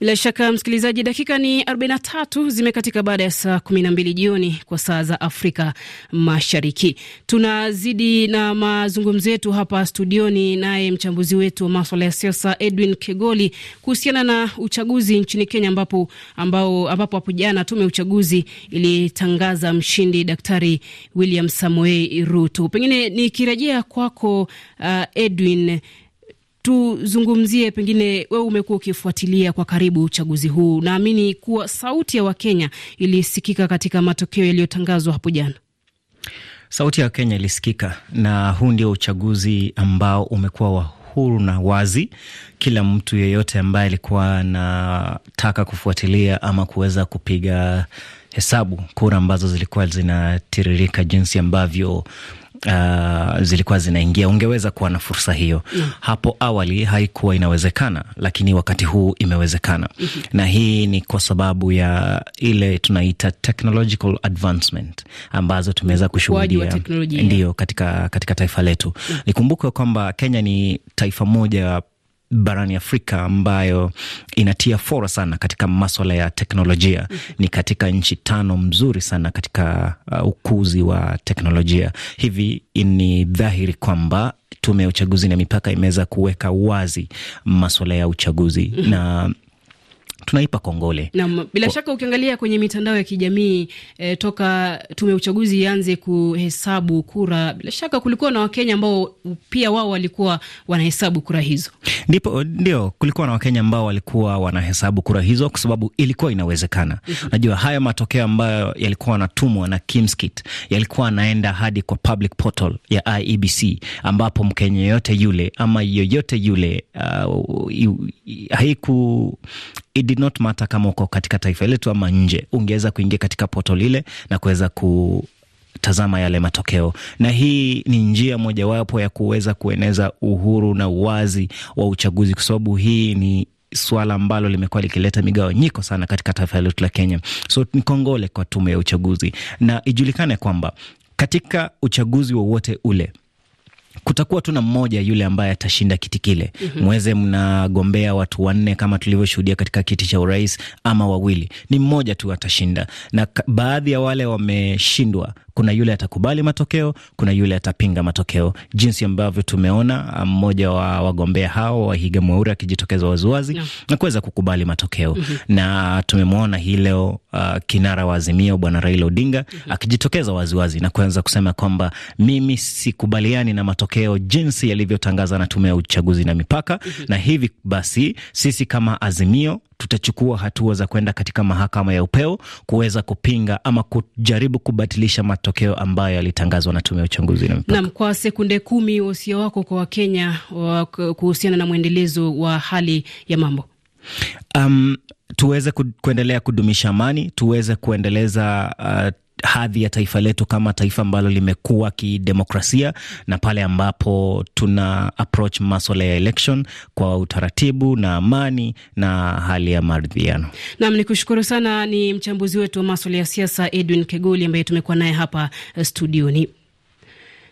Bila shaka msikilizaji, dakika ni 43 zimekatika baada ya saa 12 jioni kwa saa za Afrika Mashariki. Tunazidi na mazungumzo yetu hapa studioni, naye mchambuzi wetu wa maswala ya siasa Edwin Kegoli kuhusiana na uchaguzi nchini Kenya, ambapo ambao ambapo hapo jana tume ya uchaguzi ilitangaza mshindi Daktari William Samoei Ruto. Pengine nikirejea kwako, uh, Edwin Tuzungumzie pengine, wewe umekuwa ukifuatilia kwa karibu uchaguzi huu, naamini kuwa sauti ya Wakenya ilisikika katika matokeo yaliyotangazwa hapo jana. Sauti ya Wakenya ilisikika na huu ndio uchaguzi ambao umekuwa wa huru na wazi. Kila mtu yeyote ambaye alikuwa anataka kufuatilia ama kuweza kupiga hesabu kura ambazo zilikuwa zinatiririka jinsi ambavyo uh, zilikuwa zinaingia, ungeweza kuwa na fursa hiyo mm. Hapo awali haikuwa inawezekana, lakini wakati huu imewezekana mm -hmm. Na hii ni kwa sababu ya ile tunaita technological advancement ambazo tumeweza kushuhudia ndio katika, katika taifa letu mm. Nikumbuke kwamba Kenya ni taifa moja barani Afrika ambayo inatia fora sana katika maswala ya teknolojia. Ni katika nchi tano mzuri sana katika uh, ukuzi wa teknolojia. Hivi ni dhahiri kwamba Tume ya Uchaguzi na Mipaka imeweza kuweka wazi maswala ya uchaguzi mm-hmm. na tunaipa kongole. Naam, bila Kwa... shaka ukiangalia kwenye mitandao ya kijamii e, toka tume ya uchaguzi ianze kuhesabu kura, bila shaka kulikuwa na Wakenya ambao pia wao walikuwa wanahesabu kura hizo. Ndipo ndio kulikuwa na Wakenya ambao walikuwa wanahesabu kura hizo kwa sababu ilikuwa inawezekana. Unajua mhm. haya matokeo ambayo yalikuwa yanatumwa na Kimskit yalikuwa anaenda hadi kwa public portal ya IEBC ambapo Mkenya yote yule ama yoyote yule uh, haiku it did not matter kama uko katika taifa letu ama nje, ungeweza kuingia katika poto lile na kuweza ku tazama yale matokeo, na hii ni njia mojawapo ya kuweza kueneza uhuru na uwazi wa uchaguzi, kwa sababu hii ni suala ambalo limekuwa likileta migawanyiko sana katika taifa letu la Kenya. So ni kongole kwa tume ya uchaguzi, na ijulikane kwamba katika uchaguzi wowote ule kutakuwa tu na mmoja yule ambaye atashinda kiti kile. mm -hmm. Mweze mnagombea watu wanne kama tulivyoshuhudia katika kiti cha urais, ama wawili, ni mmoja tu atashinda, na baadhi ya wale wameshindwa, kuna yule atakubali matokeo, kuna yule atapinga matokeo, jinsi ambavyo tumeona ah, mmoja wa wagombea hao Wahiga Mweura akijitokeza waziwazi no. na kuweza kukubali matokeo mm -hmm. na tumemwona hii leo uh, kinara wa Azimio Bwana Raila Odinga mm -hmm. akijitokeza waziwazi na kuweza kusema kwamba mimi sikubaliani na matokeo matokeo jinsi yalivyotangaza na tume ya uchaguzi na mipaka mm -hmm. na hivi basi sisi kama Azimio tutachukua hatua za kwenda katika mahakama ya upeo kuweza kupinga ama kujaribu kubatilisha matokeo ambayo yalitangazwa na tume ya uchaguzi na mipaka. Naam, kwa sekunde kumi, wasia wako kwa Wakenya kuhusiana na mwendelezo wa hali ya mambo um, tuweze kuendelea kudumisha amani, tuweze kuendeleza uh, hadhi ya taifa letu kama taifa ambalo limekuwa kidemokrasia na pale ambapo tuna approach maswala ya election kwa utaratibu na amani na hali ya maridhiano. Nam ni kushukuru sana. Ni mchambuzi wetu wa maswala ya siasa Edwin Kegoli ambaye tumekuwa naye hapa eh, studioni.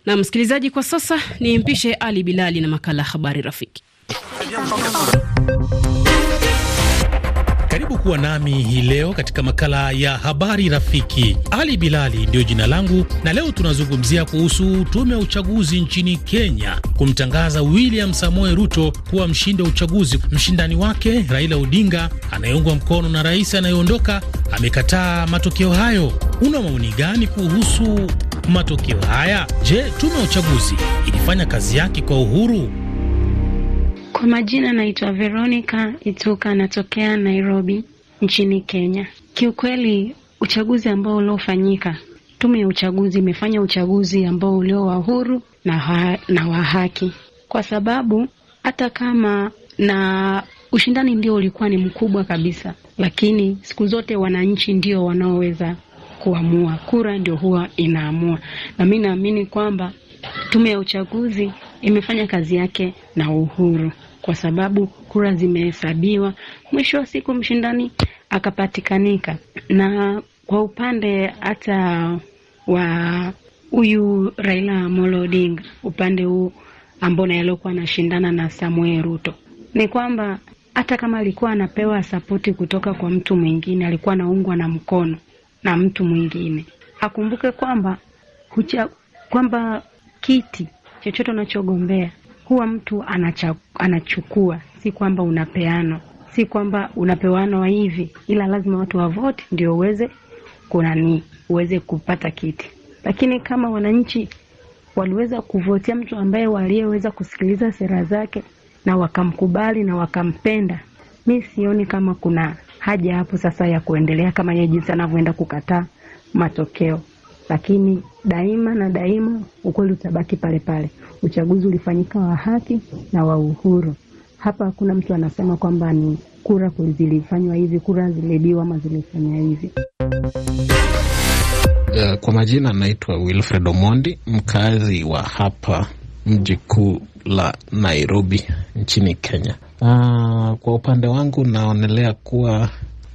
Na msikilizaji, kwa sasa ni mpishe Ali Bilali na makala Habari Rafiki. Karibu kuwa nami hii leo katika makala ya habari rafiki. Ali Bilali ndiyo jina langu, na leo tunazungumzia kuhusu tume ya uchaguzi nchini Kenya kumtangaza William Samoe Ruto kuwa mshindi wa uchaguzi. Mshindani wake Raila Odinga anayeungwa mkono na rais anayeondoka amekataa matokeo hayo. Una maoni gani kuhusu matokeo haya? Je, tume ya uchaguzi ilifanya kazi yake kwa uhuru? Kwa majina naitwa Veronica Ituka, natokea Nairobi nchini Kenya. Kiukweli uchaguzi ambao uliofanyika, tume ya uchaguzi imefanya uchaguzi ambao ulio wa huru na, ha na wa haki, kwa sababu hata kama na ushindani ndio ulikuwa ni mkubwa kabisa, lakini siku zote wananchi ndio wanaoweza kuamua. Kura ndio huwa inaamua, na mi naamini kwamba tume ya uchaguzi imefanya kazi yake na uhuru kwa sababu kura zimehesabiwa. Mwisho wa siku mshindani akapatikanika. Na kwa upande hata wa huyu Raila Amolo Odinga, upande huu ambao naye aliokuwa anashindana na Samuel Ruto, ni kwamba hata kama alikuwa anapewa sapoti kutoka kwa mtu mwingine, alikuwa anaungwa na mkono na mtu mwingine. Akumbuke kwamba kwamba kiti chochote unachogombea huwa mtu anacha, anachukua, si kwamba unapeana, si kwamba unapewana hivi, ila lazima watu wavote ndio uweze kunani, uweze kupata kiti. Lakini kama wananchi waliweza kuvotia mtu ambaye waliyeweza kusikiliza sera zake na wakamkubali na wakampenda, mi sioni kama kuna haja hapo sasa ya kuendelea kama yeye jinsi anavyoenda kukataa matokeo lakini daima na daima ukweli utabaki pale pale. Uchaguzi ulifanyika wa haki na wa uhuru. Hapa hakuna mtu anasema kwamba ni kura zilifanywa hivi, kura zilibiwa ama zilifanywa hivi. Uh, kwa majina naitwa Wilfred Omondi, mkazi wa hapa mji kuu la Nairobi nchini Kenya. Uh, kwa upande wangu naonelea kuwa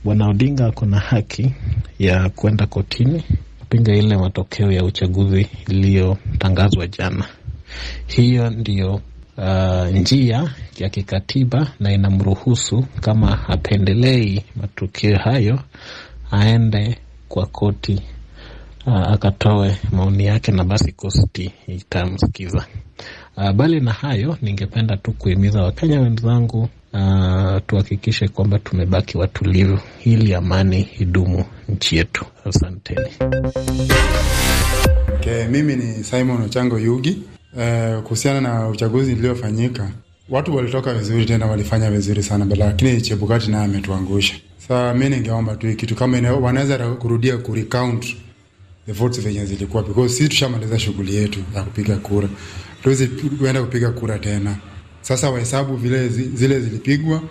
Bwana Odinga ako na haki ya kwenda kotini kupinga ile matokeo ya uchaguzi iliyotangazwa jana. Hiyo ndiyo uh, njia ya kikatiba na inamruhusu kama apendelei matukio hayo aende kwa koti uh, akatoe maoni yake na basi koti itamsikiza. Uh, bali na hayo, ningependa tu kuhimiza Wakenya wenzangu na tuhakikishe kwamba tumebaki watulivu ili amani idumu nchi yetu. Asanteni. Okay, mimi ni Simon Ochango Yugi. Eh, kuhusiana na uchaguzi uliofanyika, watu walitoka vizuri, tena walifanya vizuri sana, lakini Chebukati naye ametuangusha. Sa mi ningeomba tu kitu kama wanaweza kurudia kurecount the votes venye zilikuwa, because si tushamaliza shughuli yetu ya kupiga kura, tuwezi kuenda kupiga kura tena. Sasa wahesabu vile zile zilipigwa,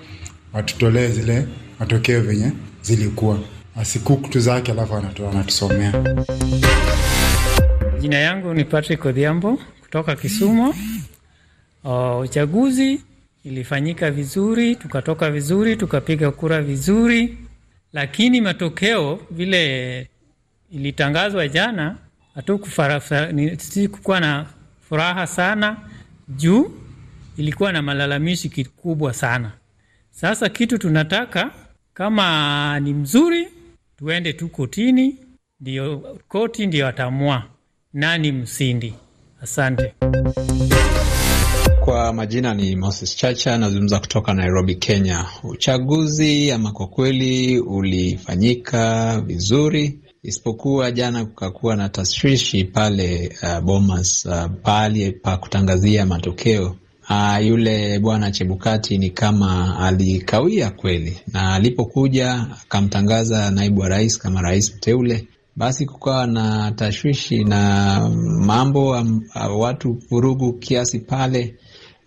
watutolee zile matokeo venye zilikuwa, asikukutu zake, alafu anatoa anatusomea. Jina yangu ni Patrick Odhiambo kutoka Kisumu. O, uchaguzi ilifanyika vizuri, tukatoka vizuri, tukapiga kura vizuri, lakini matokeo vile ilitangazwa jana hatukukuwa na furaha sana juu ilikuwa na malalamishi kikubwa sana. Sasa kitu tunataka kama ni mzuri, tuende tu kotini, ndio koti ndio atamua nani msindi. Asante. Kwa majina ni Moses Chacha, nazungumza kutoka Nairobi, Kenya. Uchaguzi ama kwa kweli ulifanyika vizuri, isipokuwa jana kukakuwa na tashwishi pale uh, Bomas uh, pahali pa kutangazia matokeo uh, yule bwana Chebukati ni kama alikawia kweli, na alipokuja akamtangaza naibu wa rais kama rais mteule, basi kukawa na tashwishi na mambo am, ah, watu vurugu kiasi pale,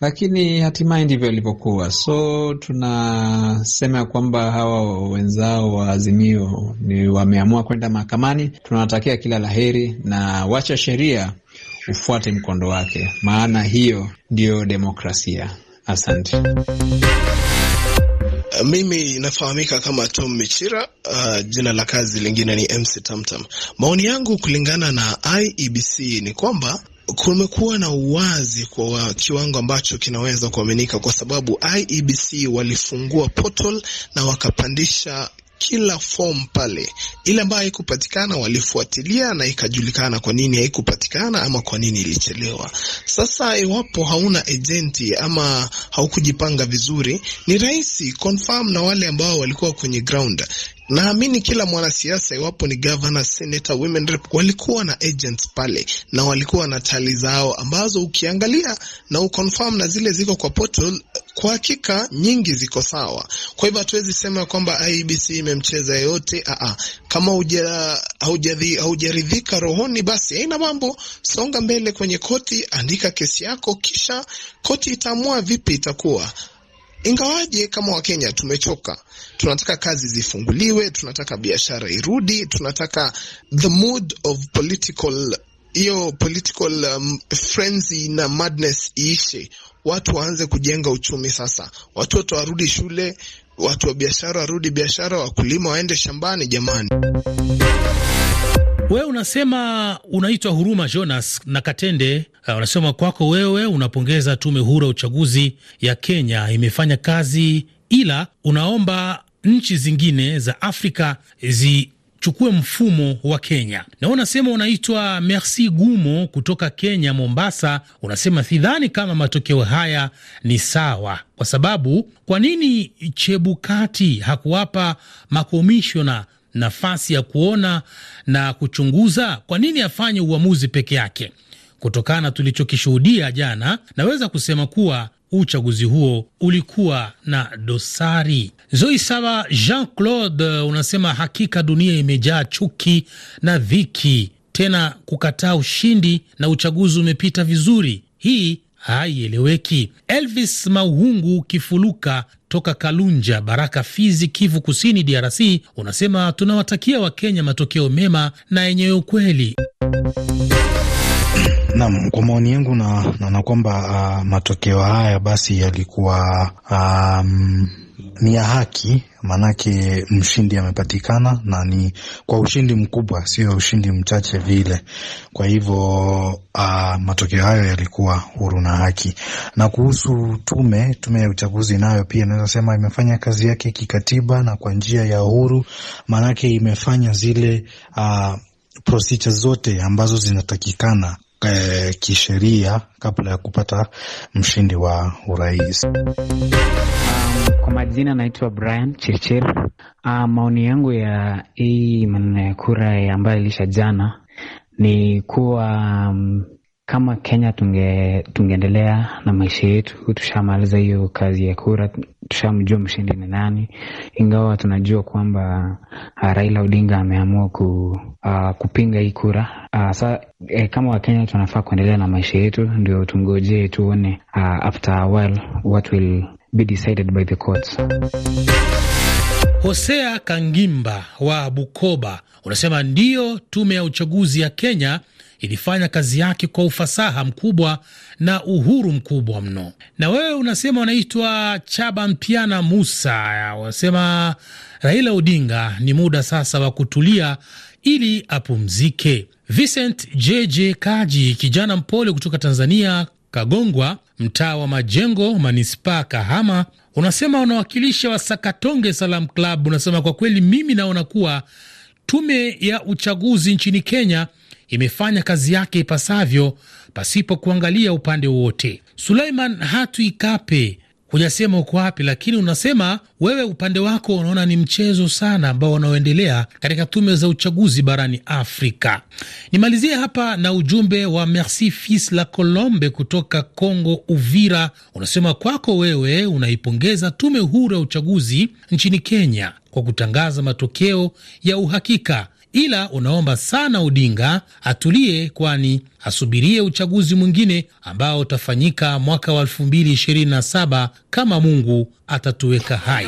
lakini hatimaye ndivyo ilivyokuwa. So tunasema kwamba hawa wenzao wa Azimio ni wameamua kwenda mahakamani, tunawatakia kila laheri na wacha sheria ufuate mkondo wake, maana hiyo ndiyo demokrasia. Asante. Mimi nafahamika kama Tom Michira, uh, jina la kazi lingine ni MC Tamtam. Maoni yangu kulingana na IEBC ni kwamba kumekuwa na uwazi kwa kiwango ambacho kinaweza kuaminika, kwa sababu IEBC walifungua portal na wakapandisha kila fomu pale. Ile ambayo haikupatikana walifuatilia na ikajulikana kwa nini haikupatikana ama kwa nini ilichelewa. Sasa iwapo hauna ejenti ama haukujipanga vizuri, ni rahisi confirm na wale ambao walikuwa kwenye ground Naamini kila mwanasiasa, iwapo ni gavana, senata, women rep, walikuwa na agents pale na walikuwa na tali zao ambazo ukiangalia na uconfirm na zile ziko kwa portal, kwa hakika nyingi ziko sawa. Kwa hivyo hatuwezi sema kwamba IEBC imemcheza yote. Aa, ah, ah. kama haujaridhika rohoni, basi haina mambo, songa mbele kwenye koti, andika kesi yako, kisha koti itaamua vipi itakuwa. Ingawaje kama Wakenya tumechoka, tunataka kazi zifunguliwe, tunataka biashara irudi, tunataka the mood of political hiyo political um, frenzy na madness iishe, watu waanze kujenga uchumi sasa, watoto warudi shule, watu wa biashara warudi biashara, wakulima waende shambani, jamani. Wewe unasema unaitwa Huruma Jonas na Katende, uh, unasema kwako wewe unapongeza tume huru ya uchaguzi ya Kenya imefanya kazi, ila unaomba nchi zingine za Afrika zichukue mfumo wa Kenya. Na unasema unaitwa Merci Gumo kutoka Kenya, Mombasa, unasema sidhani kama matokeo haya ni sawa, kwa sababu kwa nini Chebukati hakuwapa makomishona nafasi ya kuona na kuchunguza, kwa nini afanye uamuzi peke yake? Kutokana na tulichokishuhudia jana, naweza kusema kuwa uchaguzi huo ulikuwa na dosari. Zoi Saba Jean Claude unasema hakika dunia imejaa chuki na dhiki, tena kukataa ushindi na uchaguzi umepita vizuri. Hii haieleweki. Elvis Mauhungu Kifuluka toka Kalunja, Baraka, Fizi, Kivu Kusini, DRC, unasema tunawatakia Wakenya matokeo mema na yenye ukweli. nam kwa maoni yangu naona na kwamba uh, matokeo haya basi yalikuwa um, ni ya haki maanake mshindi amepatikana na ni kwa ushindi mkubwa, sio ushindi mchache vile. Kwa hivyo uh, matokeo hayo yalikuwa huru na haki. Na kuhusu tume, tume ya uchaguzi nayo pia naweza sema imefanya kazi yake kikatiba na kwa njia ya huru, maanake imefanya zile uh, procedure zote ambazo zinatakikana eh, kisheria kabla ya kupata mshindi wa urais. Kwa majina naitwa Brian Chirchir. Ah, maoni yangu ya hii maneno ya kura ambayo ilisha jana ni kuwa um, kama Kenya tunge, tungeendelea na maisha yetu. Tushamaliza hiyo kazi ya kura, tushamjua mshindi ni nani, ingawa tunajua kwamba uh, Raila Odinga ameamua ku, uh, kupinga hii kura uh, sa eh, kama Wakenya tunafaa kuendelea na maisha yetu, ndio tungojee tuone, uh, after a while what will be decided by the courts. Hosea Kangimba wa Bukoba unasema ndiyo, tume ya uchaguzi ya Kenya ilifanya kazi yake kwa ufasaha mkubwa na uhuru mkubwa mno. Na wewe unasema unaitwa Chaba Mpiana Musa, unasema Raila Odinga ni muda sasa wa kutulia ili apumzike. Vincent JJ Kaji, kijana mpole kutoka Tanzania, Kagongwa, mtaa wa Majengo, manispaa Kahama. Unasema unawakilisha Wasakatonge Salam Club. Unasema kwa kweli, mimi naona kuwa tume ya uchaguzi nchini Kenya imefanya kazi yake ipasavyo pasipo kuangalia upande wowote. Suleiman hatu ikape hujasema uko wapi, lakini unasema wewe upande wako unaona ni mchezo sana ambao wanaoendelea katika tume za uchaguzi barani Afrika. Nimalizie hapa na ujumbe wa Merci Fils la Colombe kutoka Congo, Uvira. Unasema kwako wewe unaipongeza tume huru ya uchaguzi nchini Kenya kwa kutangaza matokeo ya uhakika ila unaomba sana Odinga atulie, kwani asubirie uchaguzi mwingine ambao utafanyika mwaka wa 2027 kama Mungu atatuweka hai.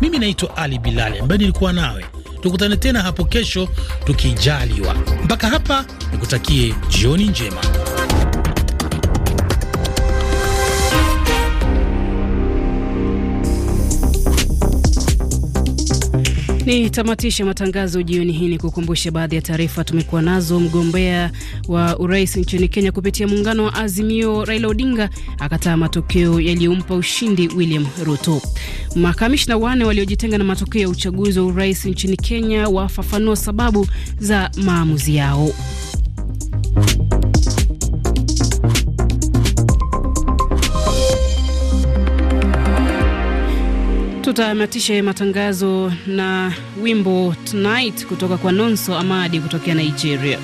Mimi naitwa Ali Bilali ambaye nilikuwa nawe, tukutane tena hapo kesho tukijaliwa. Mpaka hapa nikutakie jioni njema. Ni tamatishe matangazo jioni hii, ni kukumbusha baadhi ya taarifa tumekuwa nazo. Mgombea wa urais nchini Kenya kupitia muungano wa Azimio, Raila Odinga akataa matokeo yaliyompa ushindi William Ruto. Makamishna wane waliojitenga na matokeo ya uchaguzi wa urais nchini Kenya wafafanua sababu za maamuzi yao. tutamatishe matangazo na wimbo Tonight kutoka kwa Nonso Amadi kutokea Nigeria.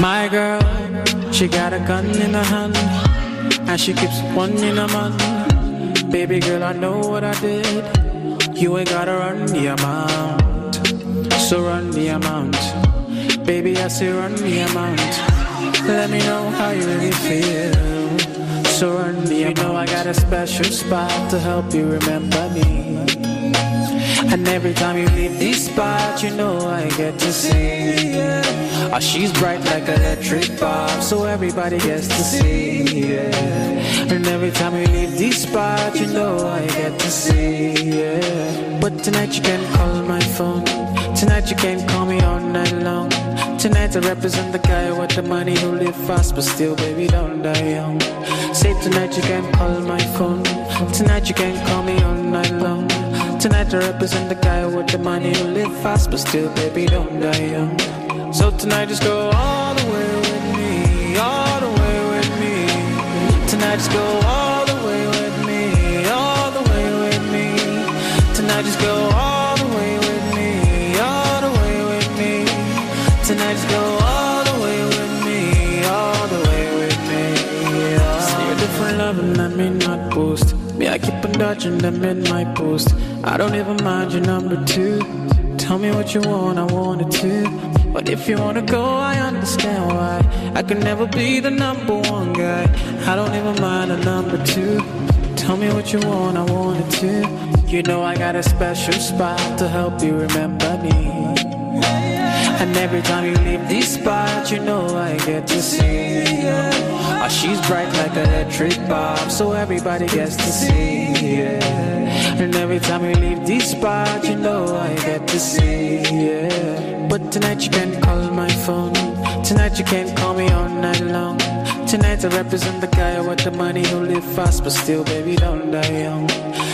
My girl, she got a gun in her hand, and she keeps one in her mind. Baby girl, I know what I did. You ain't gotta run, your mouth. So run the amount. Baby, I say run the amount. Let me know how you really feel. So run the amount. You know I got a special spot to help you remember me. And every time you leave this spot, you know I get to see Oh, she's bright like an electric bulb, so everybody gets to see yeah. And every time you leave this spot, you know I get to see yeah. But tonight you can call my phone Tonight you can't call me all night long. Tonight I represent the guy with the money who live fast, but still, baby, don't die young. Say tonight you can't call my phone. Tonight you can't call me all night long. Tonight I represent the guy with the money who live fast, but still, baby, don't die young. So tonight just go all the way with me, all the way with me. Tonight just go all the way with me, all the way with me. Tonight just go. dodging them in my post. I don't even mind your number two. Tell me what you want, I want it too. But if you wanna go, I understand why. I could never be the number one guy. I don't even mind a number two. Tell me what you want, I want it too. You know I got a special spot to help you remember me. And every time you leave this spot, you know I get to see you. Oh, ah, she's bright like an electric bulb, so everybody gets to see you. And every time you leave this spot, you know I get to see you. But tonight you can't call my phone. Tonight you can't call me all night long. Tonight I represent the guy with the money who live fast, but still, baby, don't die young.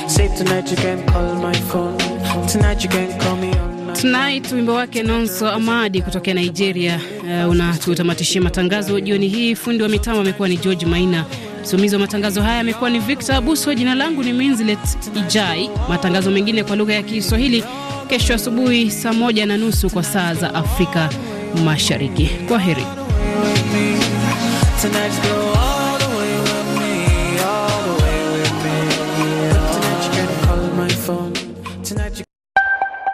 Say tonight you can't call my phone. Tonight you can't call me Tonight wimbo wake Nonso Amadi kutokea Nigeria uh, unatutamatishia matangazo jioni hii. Fundi wa mitambo amekuwa ni George Maina, msimamizi wa matangazo haya amekuwa ni Victor Abuso, jina langu ni Minzlet Ijai. Matangazo mengine kwa lugha ya Kiswahili kesho asubuhi saa moja na nusu kwa saa za Afrika Mashariki. Kwa heri.